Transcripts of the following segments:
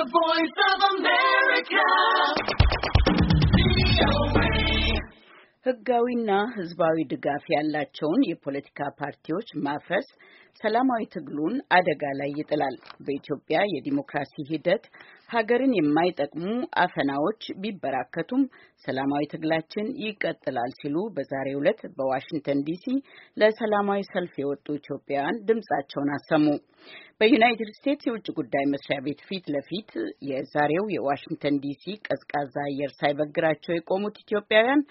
The voice of America. ህጋዊና ህዝባዊ ድጋፍ ያላቸውን የፖለቲካ ፓርቲዎች ማፍረስ ሰላማዊ ትግሉን አደጋ ላይ ይጥላል። በኢትዮጵያ የዲሞክራሲ ሂደት ሀገርን የማይጠቅሙ አፈናዎች ቢበራከቱም ሰላማዊ ትግላችን ይቀጥላል ሲሉ በዛሬ ዕለት በዋሽንግተን ዲሲ ለሰላማዊ ሰልፍ የወጡ ኢትዮጵያውያን ድምጻቸውን አሰሙ። በዩናይትድ ስቴትስ የውጭ ጉዳይ መስሪያ ቤት ፊት ለፊት የዛሬው የዋሽንግተን ዲሲ ቀዝቃዛ አየር ሳይበግራቸው የቆሙት ኢትዮጵያውያን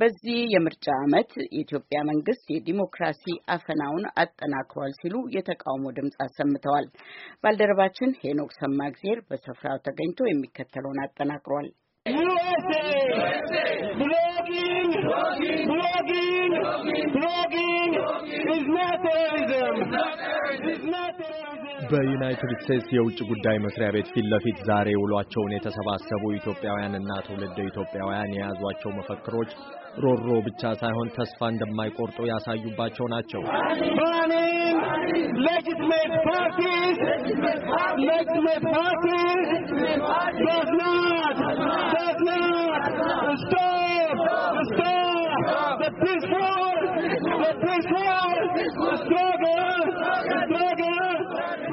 በዚህ የምርጫ ዓመት የኢትዮጵያ መንግስት የዲሞክራሲ አፈናውን አጠናክሯል ሲሉ የተቃውሞ ድምፅ አሰምተዋል። ባልደረባችን ሄኖክ ሰማእግዜር በስፍራው ተገኝቶ የሚከተለውን አጠናቅሯል። ብሎጊንግ ብሎጊንግ ብሎጊንግ በዩናይትድ ስቴትስ የውጭ ጉዳይ መስሪያ ቤት ፊት ለፊት ዛሬ ውሏቸውን የተሰባሰቡ ኢትዮጵያውያንና ትውልደ ኢትዮጵያውያን የያዟቸው መፈክሮች ሮሮ ብቻ ሳይሆን ተስፋ እንደማይቆርጡ ያሳዩባቸው ናቸው። The peace war, The peace war, the struggle, the struggle.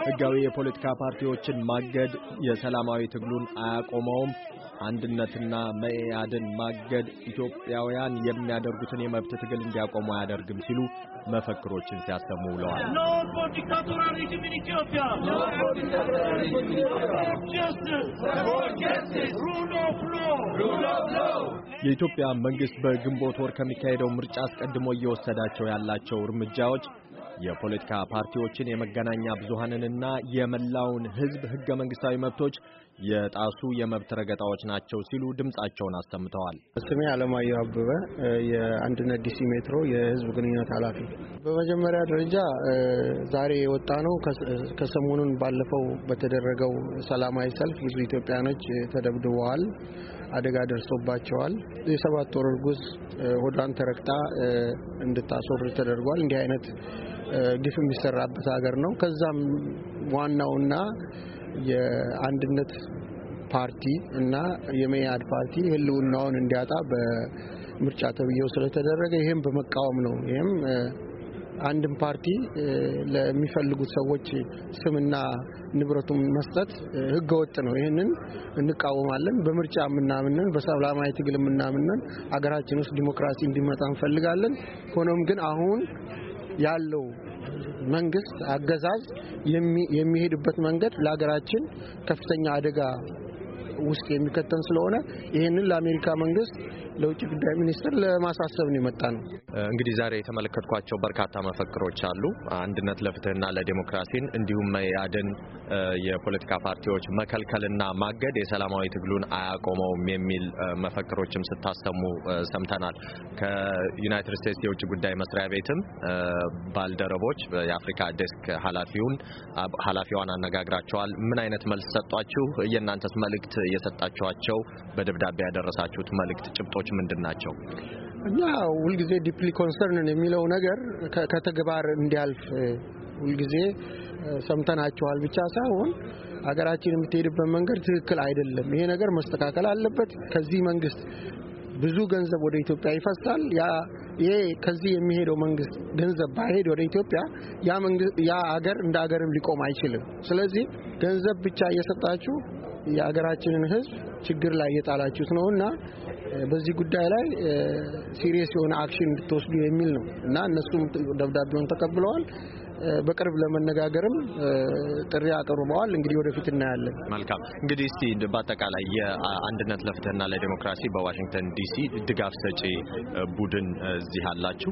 ህጋዊ የፖለቲካ ፓርቲዎችን ማገድ የሰላማዊ ትግሉን አያቆመውም። አንድነትና መኢአድን ማገድ ኢትዮጵያውያን የሚያደርጉትን የመብት ትግል እንዲያቆሙ አያደርግም ሲሉ መፈክሮችን ሲያሰሙ ውለዋል። ሩል የኢትዮጵያ መንግስት በግንቦት ወር ከሚካሄደው ምርጫ አስቀድሞ እየወሰዳቸው ያላቸው እርምጃዎች የፖለቲካ ፓርቲዎችን፣ የመገናኛ ብዙሃንንና የመላውን ሕዝብ ህገ መንግስታዊ መብቶች የጣሱ የመብት ረገጣዎች ናቸው ሲሉ ድምጻቸውን አሰምተዋል። ስሜ አለማየሁ አበበ የአንድነት ዲሲ ሜትሮ የህዝብ ግንኙነት ኃላፊ። በመጀመሪያ ደረጃ ዛሬ የወጣ ነው ከሰሞኑን ባለፈው በተደረገው ሰላማዊ ሰልፍ ብዙ ኢትዮጵያኖች ተደብድበዋል፣ አደጋ ደርሶባቸዋል። የሰባት ወር እርጉዝ ሆዷን ተረግጣ እንድታስወር ተደርጓል። እንዲህ አይነት ግፍ የሚሰራበት ሀገር ነው። ከዛም ዋናውና የአንድነት ፓርቲ እና የመያድ ፓርቲ ህልውናውን እንዲያጣ በምርጫ ተብዬው ስለተደረገ ይህም በመቃወም ነው። ይህም አንድን ፓርቲ ለሚፈልጉት ሰዎች ስምና ንብረቱን መስጠት ህገወጥ ነው። ይህንን እንቃወማለን። በምርጫ የምናምንን በሰላማዊ ትግል የምናምንን ሀገራችን ውስጥ ዲሞክራሲ እንዲመጣ እንፈልጋለን። ሆኖም ግን አሁን ያለው መንግስት አገዛዝ የሚሄድበት መንገድ ለሀገራችን ከፍተኛ አደጋ ውስጥ የሚከተን ስለሆነ ይህንን ለአሜሪካ መንግስት ለውጭ ጉዳይ ሚኒስትር ለማሳሰብ ነው የመጣ ነው። እንግዲህ ዛሬ የተመለከትኳቸው በርካታ መፈክሮች አሉ። አንድነት ለፍትህና ለዴሞክራሲን እንዲሁም መያድን የፖለቲካ ፓርቲዎች መከልከልና ማገድ የሰላማዊ ትግሉን አያቆመውም የሚል መፈክሮችም ስታሰሙ ሰምተናል። ከዩናይትድ ስቴትስ የውጭ ጉዳይ መስሪያ ቤትም ባልደረቦች የአፍሪካ ዴስክ ኃላፊውን ኃላፊዋን አነጋግራቸዋል። ምን አይነት መልስ ሰጧችሁ? የእናንተስ መልእክት የሰጣችኋቸው በደብዳቤ ያደረሳችሁት መልእክት ጭብጦች ምንድን ናቸው? እኛ ሁልጊዜ ዲፕሊ ኮንሰርን የሚለው ነገር ከተግባር እንዲያልፍ ሁልጊዜ ሰምተናችኋል ብቻ ሳይሆን ሀገራችን የምትሄድበት መንገድ ትክክል አይደለም፣ ይሄ ነገር መስተካከል አለበት። ከዚህ መንግስት ብዙ ገንዘብ ወደ ኢትዮጵያ ይፈሳል። ያ ይሄ ከዚህ የሚሄደው መንግስት ገንዘብ ባይሄድ ወደ ኢትዮጵያ ያ ሀገር እንደ ሀገርም ሊቆም አይችልም። ስለዚህ ገንዘብ ብቻ እየሰጣችሁ የሀገራችንን ህዝብ ችግር ላይ እየጣላችሁት ነው እና በዚህ ጉዳይ ላይ ሲሪየስ የሆነ አክሽን እንድትወስዱ የሚል ነው እና እነሱም ደብዳቤውን ተቀብለዋል። በቅርብ ለመነጋገርም ጥሪ አቅርበዋል። እንግዲህ ወደፊት እናያለን። መልካም እንግዲህ እስቲ በአጠቃላይ የአንድነት ለፍትህና ለዲሞክራሲ በዋሽንግተን ዲሲ ድጋፍ ሰጪ ቡድን እዚህ አላችሁ።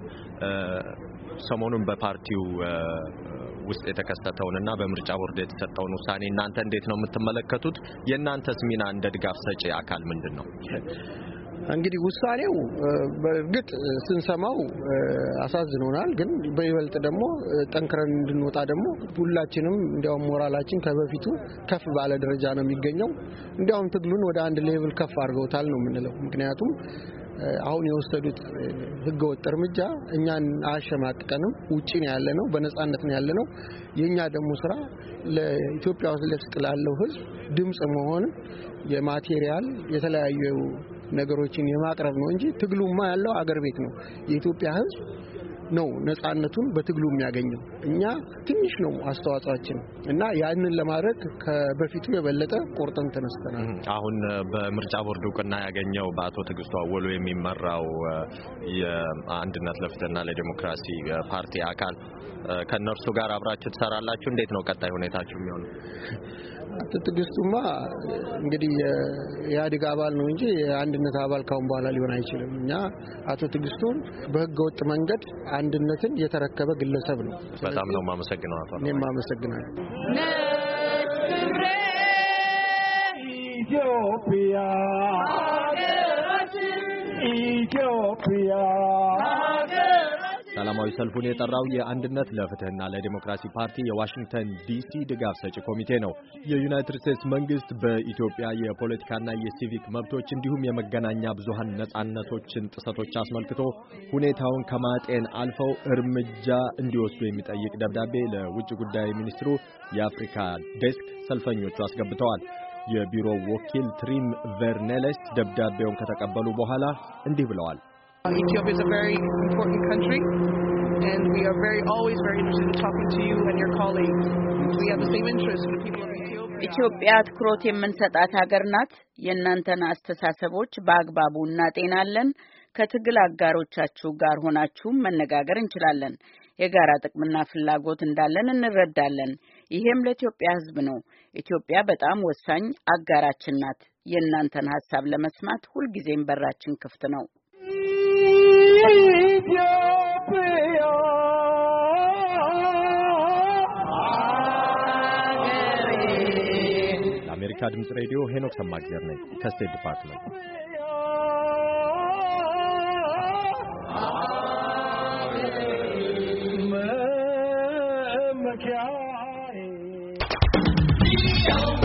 ሰሞኑን በፓርቲው ውስጥ የተከሰተውንና በምርጫ ቦርድ የተሰጠውን ውሳኔ እናንተ እንዴት ነው የምትመለከቱት? የእናንተስ ሚና እንደ ድጋፍ ሰጪ አካል ምንድን ነው? እንግዲህ ውሳኔው በእርግጥ ስንሰማው አሳዝኖናል። ግን በይበልጥ ደግሞ ጠንክረን እንድንወጣ ደግሞ ሁላችንም እንዲያውም ሞራላችን ከበፊቱ ከፍ ባለ ደረጃ ነው የሚገኘው። እንዲያውም ትግሉን ወደ አንድ ሌቭል ከፍ አድርገውታል ነው የምንለው። ምክንያቱም አሁን የወሰዱት ህገወጥ እርምጃ እኛን አያሸማቅቀንም። ውጭ ነው ያለ ነው፣ በነጻነት ነው ያለ ነው። የእኛ ደግሞ ስራ ለኢትዮጵያ ውስጥ ላለው ህዝብ ድምፅ መሆን የማቴሪያል የተለያዩ ነገሮችን የማቅረብ ነው እንጂ ትግሉማ ያለው አገር ቤት ነው። የኢትዮጵያ ህዝብ ነው ነጻነቱን በትግሉ የሚያገኘው። እኛ ትንሽ ነው አስተዋጽኦአችን እና ያንን ለማድረግ ከበፊቱ የበለጠ ቆርጠን ተነስተናል። አሁን በምርጫ ቦርድ እውቅና ያገኘው በአቶ ትዕግስቱ አወሎ የሚመራው የአንድነት ለፍትህና ለዲሞክራሲ ፓርቲ አካል ከእነርሱ ጋር አብራችሁ ትሰራላችሁ። እንዴት ነው ቀጣይ ሁኔታችሁ የሚሆነው? አቶ ትዕግስቱማ እንግዲህ የኢህአዴግ አባል ነው እንጂ የአንድነት አባል ካሁን በኋላ ሊሆን አይችልም። እኛ አቶ ትዕግስቱን በህገ ወጥ መንገድ አንድነትን የተረከበ ግለሰብ ነው። በጣም ነው የማመሰግነው አቶ እኔም አመሰግናለሁ። ኢትዮጵያ ኢትዮጵያ ሰላማዊ ሰልፉን የጠራው የአንድነት ለፍትህና ለዲሞክራሲ ፓርቲ የዋሽንግተን ዲሲ ድጋፍ ሰጪ ኮሚቴ ነው። የዩናይትድ ስቴትስ መንግስት በኢትዮጵያ የፖለቲካና የሲቪክ መብቶች እንዲሁም የመገናኛ ብዙሃን ነጻነቶችን ጥሰቶች አስመልክቶ ሁኔታውን ከማጤን አልፈው እርምጃ እንዲወስዱ የሚጠይቅ ደብዳቤ ለውጭ ጉዳይ ሚኒስትሩ የአፍሪካ ዴስክ ሰልፈኞቹ አስገብተዋል። የቢሮው ወኪል ትሪም ቨርኔለስ ደብዳቤውን ከተቀበሉ በኋላ እንዲህ ብለዋል። Ethiopia is a very important country, and we are very, always very interested in talking to you and your colleagues. We have the same interests the people of Ethiopia. ኢትዮጵያ ትኩረት የምንሰጣት ሀገር ናት። የእናንተን አስተሳሰቦች በአግባቡ እናጤናለን። ከትግል አጋሮቻችሁ ጋር ሆናችሁም መነጋገር እንችላለን። የጋራ ጥቅምና ፍላጎት እንዳለን እንረዳለን። ይሄም ለኢትዮጵያ ሕዝብ ነው። ኢትዮጵያ በጣም ወሳኝ አጋራችን ናት። የእናንተን ሀሳብ ለመስማት ሁልጊዜም በራችን ክፍት ነው። ለአሜሪካ ድምፅ ሬዲዮ ሄኖክ ሰማግዜር ነኝ ከስቴት ዲፓርትመንት። መመኪያ